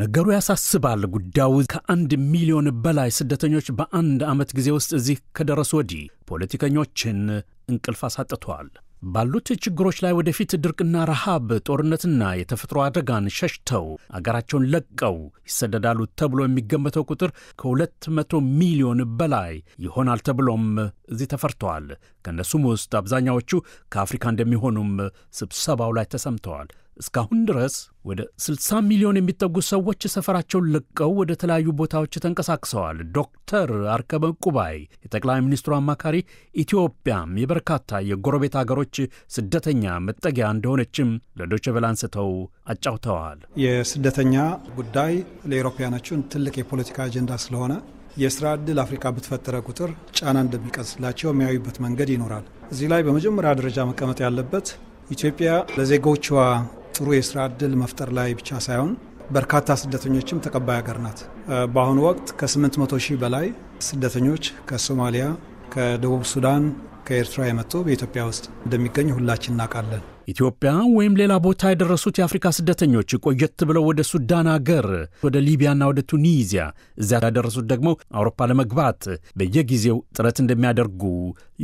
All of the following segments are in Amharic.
ነገሩ ያሳስባል። ጉዳዩ ከአንድ ሚሊዮን በላይ ስደተኞች በአንድ ዓመት ጊዜ ውስጥ እዚህ ከደረሱ ወዲህ ፖለቲከኞችን እንቅልፍ አሳጥቷል። ባሉት ችግሮች ላይ ወደፊት ድርቅና ረሃብ፣ ጦርነትና የተፈጥሮ አደጋን ሸሽተው አገራቸውን ለቀው ይሰደዳሉ ተብሎ የሚገመተው ቁጥር ከሁለት መቶ ሚሊዮን በላይ ይሆናል ተብሎም እዚህ ተፈርተዋል። ከእነሱም ውስጥ አብዛኛዎቹ ከአፍሪካ እንደሚሆኑም ስብሰባው ላይ ተሰምተዋል። እስካሁን ድረስ ወደ 60 ሚሊዮን የሚጠጉ ሰዎች ሰፈራቸውን ለቀው ወደ ተለያዩ ቦታዎች ተንቀሳቅሰዋል። ዶክተር አርከበ ቁባይ የጠቅላይ ሚኒስትሩ አማካሪ ኢትዮጵያም የበርካታ የጎረቤት አገሮች ስደተኛ መጠጊያ እንደሆነችም ለዶቼ አንስተው አጫውተዋል። የስደተኛ ጉዳይ ለአውሮፓውያኖቹን ትልቅ የፖለቲካ አጀንዳ ስለሆነ የስራ ዕድል አፍሪካ በተፈጠረ ቁጥር ጫና እንደሚቀስላቸው የሚያዩበት መንገድ ይኖራል። እዚህ ላይ በመጀመሪያ ደረጃ መቀመጥ ያለበት ኢትዮጵያ ለዜጎቿ ጥሩ የስራ እድል መፍጠር ላይ ብቻ ሳይሆን በርካታ ስደተኞችም ተቀባይ ሀገር ናት። በአሁኑ ወቅት ከ800 ሺህ በላይ ስደተኞች ከሶማሊያ፣ ከደቡብ ሱዳን፣ ከኤርትራ የመጡ በኢትዮጵያ ውስጥ እንደሚገኝ ሁላችን እናውቃለን። ኢትዮጵያ ወይም ሌላ ቦታ የደረሱት የአፍሪካ ስደተኞች ቆየት ብለው ወደ ሱዳን አገር፣ ወደ ሊቢያና ወደ ቱኒዚያ፣ እዚያ ያደረሱት ደግሞ አውሮፓ ለመግባት በየጊዜው ጥረት እንደሚያደርጉ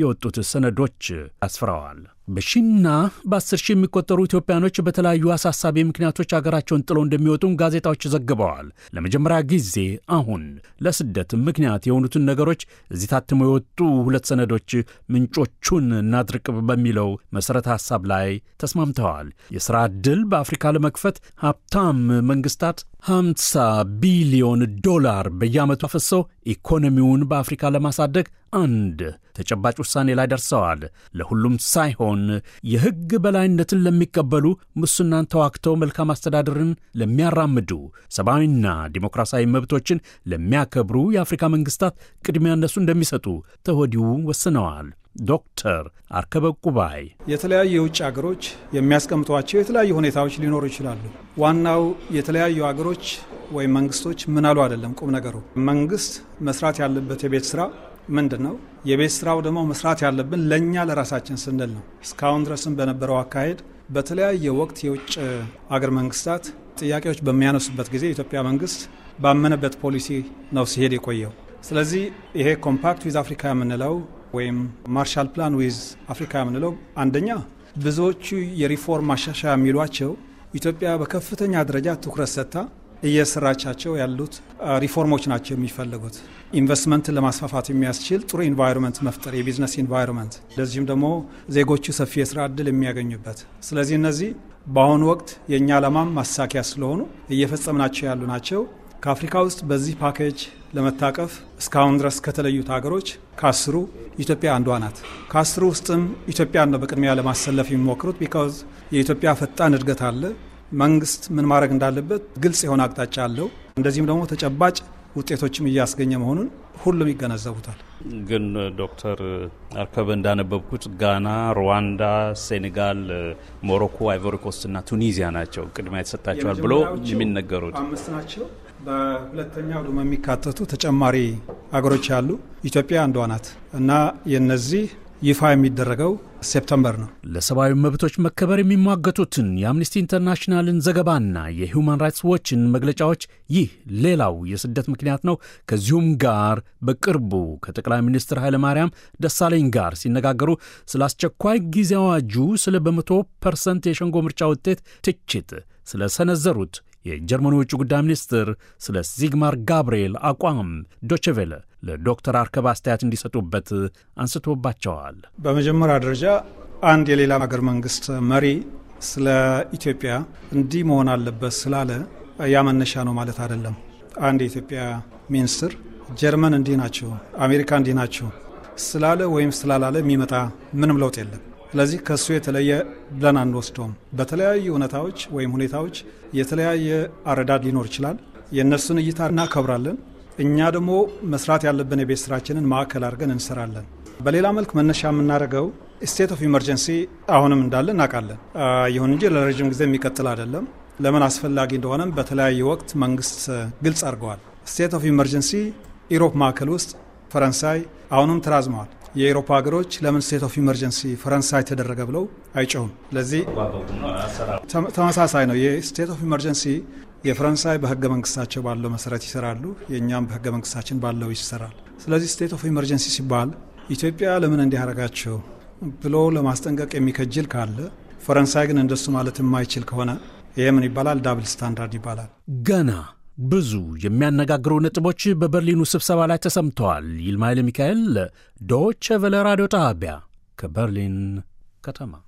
የወጡት ሰነዶች አስፍረዋል። በሺና በአስር ሺህ የሚቆጠሩ ኢትዮጵያኖች በተለያዩ አሳሳቢ ምክንያቶች አገራቸውን ጥለው እንደሚወጡም ጋዜጣዎች ዘግበዋል። ለመጀመሪያ ጊዜ አሁን ለስደት ምክንያት የሆኑትን ነገሮች እዚህ ታትመው የወጡ ሁለት ሰነዶች ምንጮቹን እናድርቅ በሚለው መሠረተ ሐሳብ ላይ ተስማምተዋል። የሥራ ዕድል በአፍሪካ ለመክፈት ሀብታም መንግሥታት 50 ቢሊዮን ዶላር በየዓመቱ አፈሰው ኢኮኖሚውን በአፍሪካ ለማሳደግ አንድ ተጨባጭ ውሳኔ ላይ ደርሰዋል። ለሁሉም ሳይሆን የሕግ በላይነትን ለሚቀበሉ፣ ሙስናን ተዋግተው መልካም አስተዳደርን ለሚያራምዱ፣ ሰብአዊና ዲሞክራሲያዊ መብቶችን ለሚያከብሩ የአፍሪካ መንግስታት ቅድሚያ እነሱ እንደሚሰጡ ተወዲሁ ወስነዋል። ዶክተር አርከበ ቁባይ የተለያዩ የውጭ አገሮች የሚያስቀምጧቸው የተለያዩ ሁኔታዎች ሊኖሩ ይችላሉ። ዋናው የተለያዩ ሀገሮች ወይም መንግስቶች ምን አሉ አይደለም። ቁም ነገሩ መንግስት መስራት ያለበት የቤት ስራ ምንድን ነው? የቤት ስራው ደግሞ መስራት ያለብን ለእኛ ለራሳችን ስንል ነው። እስካሁን ድረስም በነበረው አካሄድ በተለያየ ወቅት የውጭ አገር መንግስታት ጥያቄዎች በሚያነሱበት ጊዜ የኢትዮጵያ መንግስት ባመነበት ፖሊሲ ነው ሲሄድ የቆየው። ስለዚህ ይሄ ኮምፓክት ዊዝ አፍሪካ የምንለው ወይም ማርሻል ፕላን ዊዝ አፍሪካ የምንለው አንደኛ ብዙዎቹ የሪፎርም ማሻሻያ የሚሏቸው ኢትዮጵያ በከፍተኛ ደረጃ ትኩረት ሰጥታ እየሰራቻቸው ያሉት ሪፎርሞች ናቸው የሚፈለጉት። ኢንቨስትመንትን ለማስፋፋት የሚያስችል ጥሩ ኢንቫይሮንመንት መፍጠር፣ የቢዝነስ ኢንቫይሮንመንት፣ እንደዚሁም ደግሞ ዜጎቹ ሰፊ የስራ እድል የሚያገኙበት። ስለዚህ እነዚህ በአሁኑ ወቅት የእኛ ዓላማም ማሳኪያ ስለሆኑ እየፈጸምናቸው ያሉ ናቸው። ከአፍሪካ ውስጥ በዚህ ፓኬጅ ለመታቀፍ እስካሁን ድረስ ከተለዩት ሀገሮች ከአስሩ ኢትዮጵያ አንዷ ናት። ከአስሩ ውስጥም ኢትዮጵያን ነው በቅድሚያ ለማሰለፍ የሚሞክሩት። ቢካዝ የኢትዮጵያ ፈጣን እድገት አለ። መንግስት ምን ማድረግ እንዳለበት ግልጽ የሆነ አቅጣጫ አለው። እንደዚህም ደግሞ ተጨባጭ ውጤቶችም እያስገኘ መሆኑን ሁሉም ይገነዘቡታል። ግን ዶክተር አርከበ እንዳነበብኩት ጋና፣ ሩዋንዳ፣ ሴኔጋል፣ ሞሮኮ፣ አይቮሪኮስት እና ቱኒዚያ ናቸው ቅድሚያ የተሰጣቸዋል ብሎ የሚነገሩት አምስት ናቸው። በሁለተኛው ደግሞ የሚካተቱ ተጨማሪ አገሮች ያሉ ኢትዮጵያ አንዷ ናት እና የነዚህ ይፋ የሚደረገው ሴፕተምበር ነው። ለሰብአዊ መብቶች መከበር የሚሟገቱትን የአምኒስቲ ኢንተርናሽናልን ዘገባና የሂውማን ራይትስ ዎችን መግለጫዎች ይህ ሌላው የስደት ምክንያት ነው። ከዚሁም ጋር በቅርቡ ከጠቅላይ ሚኒስትር ኃይለማርያም ደሳለኝ ጋር ሲነጋገሩ ስለ አስቸኳይ ጊዜ አዋጁ፣ ስለ በመቶ ፐርሰንት የሸንጎ ምርጫ ውጤት ትችት ስለ ሰነዘሩት የጀርመኑ የውጭ ጉዳይ ሚኒስትር ስለ ዚግማር ጋብርኤል አቋም ዶችቬለ ለዶክተር አርከብ አስተያየት እንዲሰጡበት አንስቶባቸዋል። በመጀመሪያ ደረጃ አንድ የሌላ ሀገር መንግስት መሪ ስለ ኢትዮጵያ እንዲህ መሆን አለበት ስላለ ያ መነሻ ነው ማለት አይደለም። አንድ የኢትዮጵያ ሚኒስትር ጀርመን እንዲህ ናቸው፣ አሜሪካ እንዲህ ናቸው ስላለ ወይም ስላላለ የሚመጣ ምንም ለውጥ የለም። ስለዚህ ከሱ የተለየ ብለን አንወስደውም። በተለያዩ እውነታዎች ወይም ሁኔታዎች የተለያየ አረዳድ ሊኖር ይችላል። የእነሱን እይታ እናከብራለን። እኛ ደግሞ መስራት ያለብን የቤት ስራችንን ማዕከል አድርገን እንሰራለን። በሌላ መልክ መነሻ የምናደርገው ስቴት ኦፍ ኢመርጀንሲ አሁንም እንዳለ እናውቃለን። ይሁን እንጂ ለረዥም ጊዜ የሚቀጥል አይደለም። ለምን አስፈላጊ እንደሆነም በተለያየ ወቅት መንግስት ግልጽ አድርገዋል። ስቴት ኦፍ ኢመርጀንሲ ኢሮፕ ማዕከል ውስጥ ፈረንሳይ አሁንም ተራዝመዋል። የአውሮፓ ሀገሮች ለምን ስቴት ኦፍ ኢመርጀንሲ ፈረንሳይ ተደረገ ብለው አይጮሁም። ለዚህ ተመሳሳይ ነው። የስቴት ኦፍ ኢመርጀንሲ የፈረንሳይ በህገ መንግስታቸው ባለው መሰረት ይሰራሉ፣ የእኛም በህገ መንግስታችን ባለው ይሰራል። ስለዚህ ስቴት ኦፍ ኢመርጀንሲ ሲባል ኢትዮጵያ ለምን እንዲያረጋቸው ብሎ ለማስጠንቀቅ የሚከጅል ካለ ፈረንሳይ ግን እንደሱ ማለት የማይችል ከሆነ ይህምን ምን ይባላል? ዳብል ስታንዳርድ ይባላል። ገና ብዙ የሚያነጋግሩ ነጥቦች በበርሊኑ ስብሰባ ላይ ተሰምተዋል። ይልማይል ሚካኤል ዶቼ ራዲዮ ጣቢያ ከበርሊን ከተማ